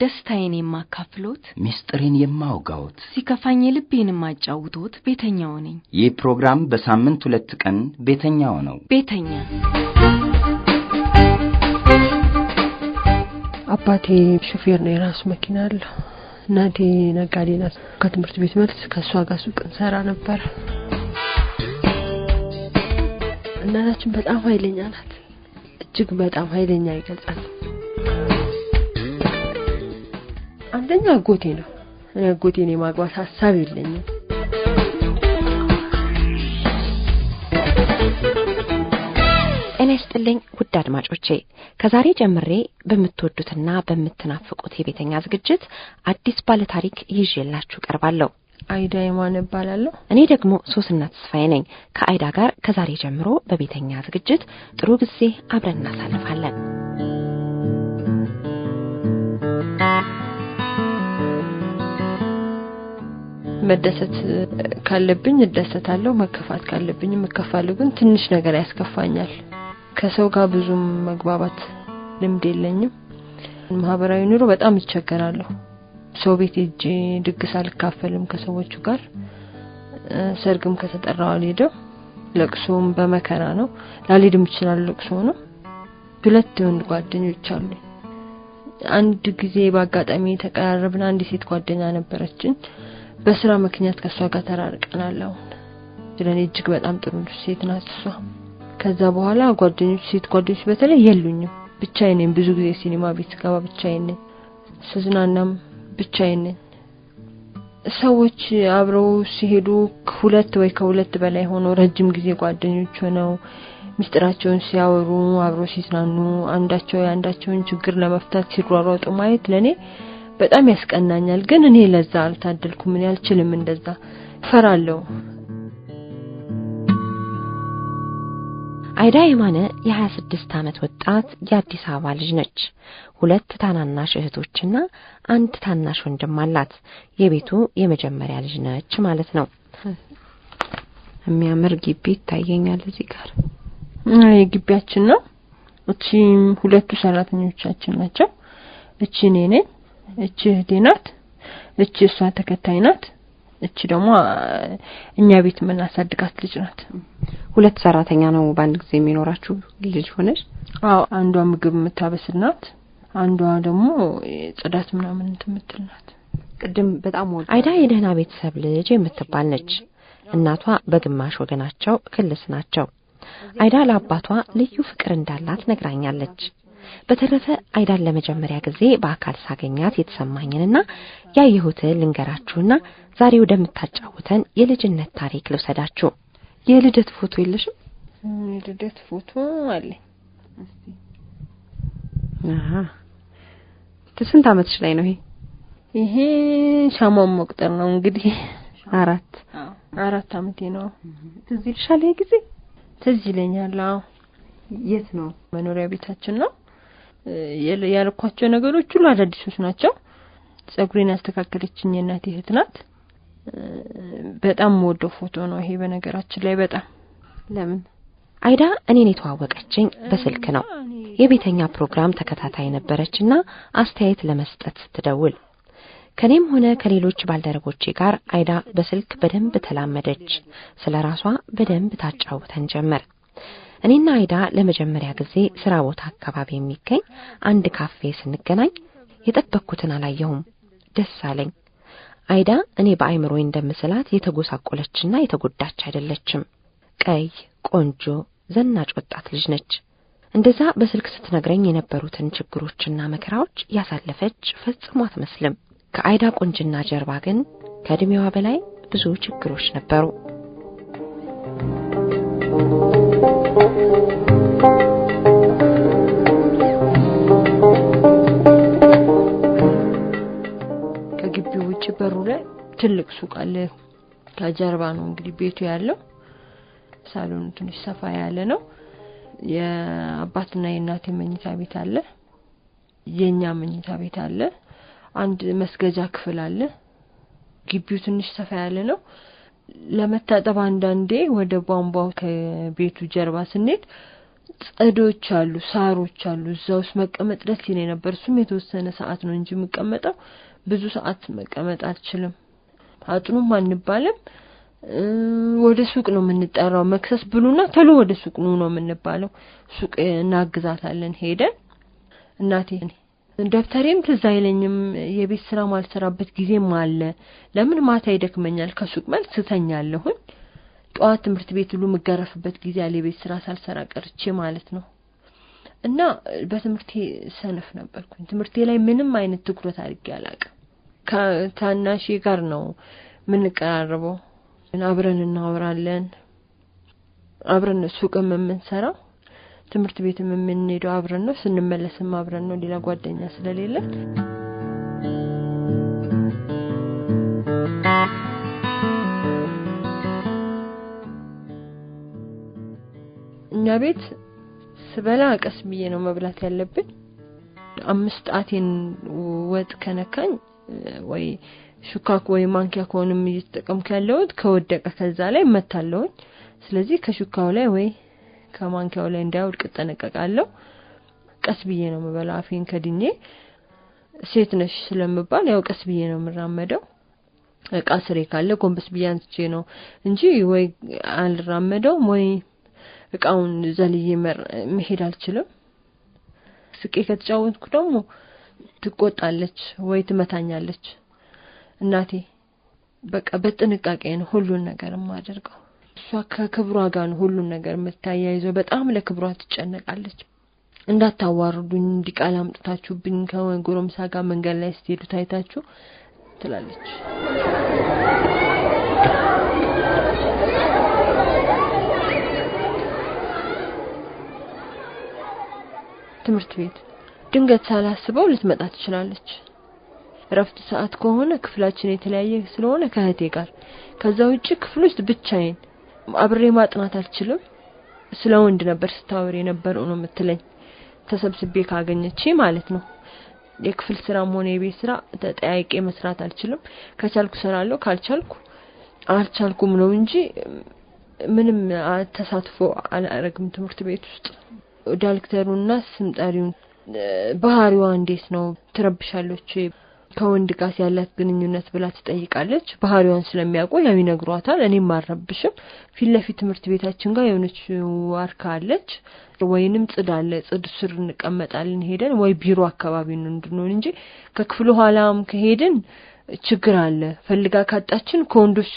ደስታዬን የማካፍሎት፣ ሚስጥሬን የማውጋዎት፣ ሲከፋኝ ልቤን የማጫውቶት ቤተኛው ነኝ። ይህ ፕሮግራም በሳምንት ሁለት ቀን ቤተኛው ነው። ቤተኛ አባቴ ሹፌር ነው፣ የራሱ መኪና አለ። እናቴ ነጋዴ ናት። ከትምህርት ቤት መልስ ከእሷ ጋር ሱቅ እንሰራ ነበር። እናታችን በጣም ኃይለኛ ናት። እጅግ በጣም ኃይለኛ ይገልጻል። ጓደኛ አጎቴ ነው። እኔ አጎቴን የማግባት ሀሳብ የለኝም። ጤና ይስጥልኝ ውድ አድማጮቼ፣ ከዛሬ ጀምሬ በምትወዱትና በምትናፍቁት የቤተኛ ዝግጅት አዲስ ባለ ታሪክ ይዤላችሁ ቀርባለሁ። አይዳ የማን እባላለሁ። እኔ ደግሞ ሶስና ተስፋዬ ነኝ። ከአይዳ ጋር ከዛሬ ጀምሮ በቤተኛ ዝግጅት ጥሩ ጊዜ አብረን እናሳልፋለን። መደሰት ካለብኝ እደሰታለሁ፣ መከፋት ካለብኝ እከፋለሁ። ግን ትንሽ ነገር ያስከፋኛል። ከሰው ጋር ብዙም መግባባት ልምድ የለኝም። ማህበራዊ ኑሮ በጣም ይቸገራለሁ። ሰው ቤት ሄጄ ድግስ አልካፈልም ከሰዎቹ ጋር። ሰርግም ከተጠራው አልሄድም። ለቅሶም በመከራ ነው ላልሄድም ይችላል። ለቅሶ ነው። ሁለት ወንድ ጓደኞች አሉ። አንድ ጊዜ በአጋጣሚ የተቀራረብን አንድ ሴት ጓደኛ ነበረችን። በስራ ምክንያት ከእሷ ጋር ተራርቀናል። አሁን ስለኔ እጅግ በጣም ጥሩ ሴት ናት እሷ። ከዛ በኋላ ጓደኞች ሴት ጓደኞች በተለይ የሉኝም፣ ብቻዬን ነኝ። ብዙ ጊዜ ሲኒማ ቤት ገባ ብቻዬን ነኝ፣ ስዝናናም ብቻዬን ነኝ። ሰዎች አብረው ሲሄዱ ሁለት ወይ ከሁለት በላይ ሆኖ ረጅም ጊዜ ጓደኞች ሆነው ምስጥራቸውን ሲያወሩ አብረው ሲዝናኑ አንዳቸው የአንዳቸውን ችግር ለመፍታት ሲሯሯጡ ማየት ለእኔ በጣም ያስቀናኛል። ግን እኔ ለዛ አልታደልኩም። እኔ አልችልም፣ እንደዛ ፈራለሁ። አይዳ የማነ የ26 ዓመት ወጣት የአዲስ አበባ ልጅ ነች። ሁለት ታናናሽ እህቶችና አንድ ታናሽ ወንድም አላት። የቤቱ የመጀመሪያ ልጅ ነች ማለት ነው። የሚያምር ግቢ ይታየኛል እዚህ ጋር የግቢያችን ነው። እቺ ሁለቱ ሰራተኞቻችን ናቸው። እቺ እኔ ነኝ። እቺ እህቴ ናት፣ እቺ እሷ ተከታይ ናት፣ እቺ ደግሞ እኛ ቤት የምናሳድጋት ልጅ ናት። ሁለት ሰራተኛ ነው በአንድ ጊዜ የሚኖራችሁ ልጅ ሆነች? አዎ፣ አንዷ ምግብ የምታበስል ናት፣ አንዷ ደግሞ ጽዳት ምናምን የምትል ናት። ቅድም በጣም ወ አይዳ የደህና ቤተሰብ ልጅ የምትባል ነች። እናቷ በግማሽ ወገናቸው ክልስ ናቸው። አይዳ ለአባቷ ልዩ ፍቅር እንዳላት ነግራኛለች። በተረፈ አይዳን ለመጀመሪያ ጊዜ በአካል ሳገኛት የተሰማኝንና ያየሁትን ልንገራችሁና ዛሬ ወደምታጫውተን የልጅነት ታሪክ ልውሰዳችሁ። የልደት ፎቶ የለሽም? የልደት ፎቶ አለ። አሃ ስንት አመትሽ ላይ ነው ይሄ? ይሄ ሻማን መቁጠር ነው እንግዲህ አራት አራት አመቴ ነው። ትዝ ይልሻል? ይሄ ጊዜ ትዝ ይለኛል። አዎ። የት ነው መኖሪያ ቤታችን ነው? ያልኳቸው ነገሮች ሁሉ አዳዲሶች ናቸው። ጸጉሬን ያስተካከለችኝ የእናቴ እህት ናት። በጣም የምወደው ፎቶ ነው ይሄ በነገራችን ላይ በጣም ለምን አይዳ እኔን የተዋወቀችኝ በስልክ ነው። የቤተኛ ፕሮግራም ተከታታይ ነበረችና አስተያየት ለመስጠት ስትደውል ከኔም ሆነ ከሌሎች ባልደረቦቼ ጋር አይዳ በስልክ በደንብ ተላመደች። ስለ ራሷ በደንብ ታጫውተን ጀመር። እኔና አይዳ ለመጀመሪያ ጊዜ ስራ ቦታ አካባቢ የሚገኝ አንድ ካፌ ስንገናኝ የጠበቅኩትን አላየሁም። ደስ አለኝ። አይዳ እኔ በአይምሮ እንደምስላት የተጎሳቆለችና የተጎዳች አይደለችም። ቀይ፣ ቆንጆ፣ ዘናጭ ወጣት ልጅ ነች። እንደዛ በስልክ ስትነግረኝ የነበሩትን ችግሮችና መከራዎች ያሳለፈች ፈጽሞ አትመስልም። ከአይዳ ቁንጅና ጀርባ ግን ከእድሜዋ በላይ ብዙ ችግሮች ነበሩ። ትልቅ ሱቅ አለ። ከጀርባ ነው እንግዲህ ቤቱ ያለው። ሳሎኑ ትንሽ ሰፋ ያለ ነው። የአባትና የእናቴ መኝታ ቤት አለ። የእኛ መኝታ ቤት አለ። አንድ መስገጃ ክፍል አለ። ግቢው ትንሽ ሰፋ ያለ ነው። ለመታጠብ አንዳንዴ ወደ ቧንቧው ከቤቱ ጀርባ ስንሄድ ጸዶች አሉ፣ ሳሮች አሉ። እዛ ውስጥ መቀመጥ ደስ ይለኝ ነበር። እሱም የተወሰነ ሰዓት ነው እንጂ የምቀመጠው ብዙ ሰዓት መቀመጥ አልችልም። አጥኑም አንባልም። ወደ ሱቅ ነው የምንጠራው። መክሰስ ብሉና ቶሎ ወደ ሱቅ ነው ነው የምንባለው። ሱቅ እናግዛታለን ሄደን እናቴ ደብተሬም ትዝ አይለኝም። የቤት ስራ ማልሰራበት ጊዜም አለ። ለምን ማታ ይደክመኛል። ከሱቅ መልስ ስተኛለሁኝ። ጠዋት ትምህርት ቤት ሁሉ የምገረፍበት ጊዜ አለ። የቤት ስራ ሳልሰራ ቀርቼ ማለት ነው። እና በትምህርቴ ሰነፍ ነበርኩኝ። ትምህርቴ ላይ ምንም አይነት ትኩረት አድርጌ አላቅም። ታናሽ ጋር ነው የምንቀራርበው። አብረን እናወራለን። አብረን ሱቅም የምንሰራው ትምህርት ቤትም የምንሄደው አብረን ነው። ስንመለስም አብረን ነው። ሌላ ጓደኛ ስለሌለን እኛ ቤት ስበላ ቀስ ብዬ ነው መብላት ያለብን። አምስት ጣቴን ወጥ ከነካኝ ወይ ሹካክ ወይ ማንኪያ ከሆንም እየተጠቀምኩ ያለሁት ከወደቀ ከዛ ላይ መታለውኝ። ስለዚህ ከሹካው ላይ ወይ ከማንኪያው ላይ እንዳይወድቅ እጠነቀቃለሁ። ቀስ ብዬ ነው የምበላው አፌን ከድኜ። ሴት ነሽ ስለምባል ያው ቀስ ብዬ ነው የምራመደው። እቃ ስሬ ካለ ጎንበስ ብዬ አንስቼ ነው እንጂ ወይ አልራመደውም ወይ እቃውን ዘልዬ መሄድ አልችልም። ስቄ ከተጫወትኩ ደግሞ ትቆጣለች ወይ ትመታኛለች። እናቴ በቃ በጥንቃቄ ነው ሁሉን ነገር የማደርገው። እሷ ከክብሯ ጋር ነው ሁሉን ነገር የምታያይዘው። በጣም ለክብሯ ትጨነቃለች። እንዳታዋርዱኝ እንዲቃል አምጥታችሁብኝ ጎረምሳ ጋር መንገድ ላይ ስትሄዱ ታይታችሁ ትላለች። ትምህርት ቤት ድንገት ሳላስበው ልትመጣ ትችላለች። እረፍት ሰዓት ከሆነ ክፍላችን የተለያየ ስለሆነ ከእህቴ ጋር፣ ከዛ ውጭ ክፍል ውስጥ ብቻዬን አብሬ ማጥናት አልችልም። ስለ ወንድ ነበር ስታወሪ የነበረው ነው የምትለኝ፣ ተሰብስቤ ካገኘች ማለት ነው። የክፍል ስራም ሆነ የቤት ስራ ተጠያቄ መስራት አልችልም። ከቻልኩ ሰራለሁ፣ ካልቻልኩ አልቻልኩም ነው እንጂ ምንም ተሳትፎ አላረግም ትምህርት ቤት ውስጥ ዳይሬክተሩና ስምጠሪውን ባህሪዋ እንዴት ነው ትረብሻለች ከወንድ ጋር ያላት ግንኙነት ብላ ትጠይቃለች። ባህሪዋን ስለሚያውቁ ያው ይነግሯታል። እኔም አልረብሽም። ፊት ለፊት ትምህርት ቤታችን ጋር የሆነች ዋርካ አለች ወይንም ጽድ አለ። ጽድ ስር እንቀመጣለን ሄደን ወይ ቢሮ አካባቢ ነው እንድንሆን እንጂ ከክፍሉ ኋላም ከሄድን ችግር አለ። ፈልጋ ካጣችን ከወንዶች